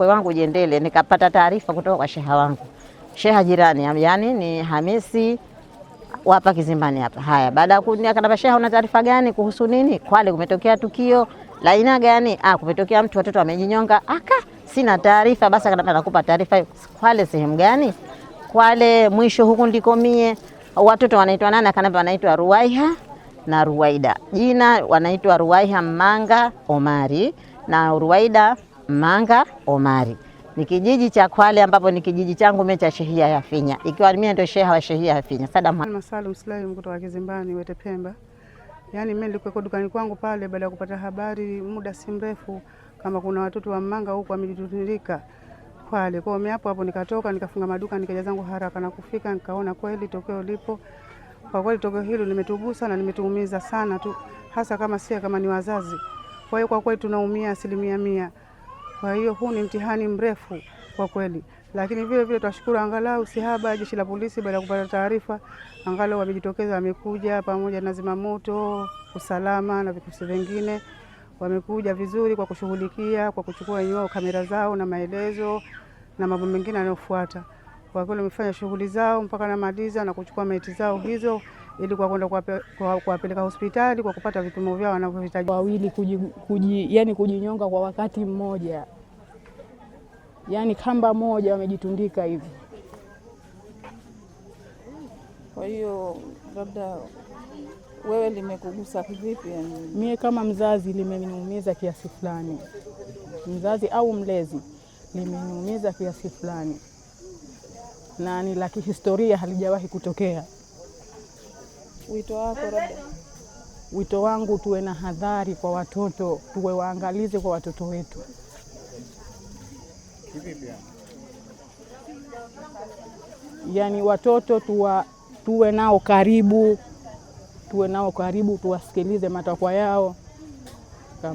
mkwe wangu Jendele, nikapata taarifa kutoka kwa sheha wangu, sheha jirani, yani ni Hamisi hapa Kizimbani hapa. Haya, baada ya kuja akanambia, sheha, una taarifa gani kuhusu nini? Kwale kumetokea tukio la aina gani? Ah, kumetokea mtu watoto wamejinyonga. Aka sina taarifa. Basi akanambia, nakupa taarifa. Kwale sehemu gani? Kwale mwisho huku ndiko mie. Watoto wanaitwa nani? Akanambia wanaitwa Ruwaiha na Ruwaida. Jina wanaitwa Ruwaiha Manga Omari na Ruwaida Manga Omari ni kijiji cha Kwale ambapo ni kijiji changu mimi cha shehia ya Finya, ikiwa mimi ndio sheha wa shehia ya Finya. Sada Sadam Salum Salim kutoka Kizimbani Wete Pemba. Yaani mimi nilikuwa kwa dukani kwangu pale, baada ya kupata habari muda si mrefu kama kuna watoto wa Manga huko wamejitundika Kwale. Kwa hiyo mimi hapo hapo nikatoka nikafunga maduka nikaja zangu haraka na kufika nikaona kweli tokeo lipo. Kwa kweli tokeo hilo limetugusa na limetuumiza sana tu, hasa kama sisi kama ni wazazi. Kwa hiyo kwa kweli tunaumia asilimia mia. Kwa hiyo huu ni mtihani mrefu kwa kweli, lakini vile vile tunashukuru angalau sihaba jeshi la polisi, baada ya kupata taarifa, angalau wamejitokeza, wamekuja pamoja na zimamoto, usalama na vikosi vingine, wamekuja vizuri kwa kushughulikia, kwa kuchukua wenyewe kamera zao na maelezo na mambo mengine yanayofuata. Kwa kweli wamefanya shughuli zao mpaka namaliza na kuchukua maiti zao hizo ili kwenda kuwapeleka hospitali kwa kupata vipimo vyao wanavyohitaji. Wawili kuji, kuji, yani kujinyonga kwa wakati mmoja, yani kamba moja wamejitundika hivi. Kwa hiyo labda wewe limekugusa vipi? Yani mie kama mzazi limeniumiza kiasi fulani, mzazi au mlezi limeniumiza kiasi fulani, na ni la kihistoria, halijawahi kutokea. Wito wako labda? Wito wangu tuwe na hadhari kwa watoto, tuwe waangalizi kwa watoto wetu. Yaani watoto tuwa, tuwe nao karibu, tuwe nao karibu, tuwasikilize matakwa yao.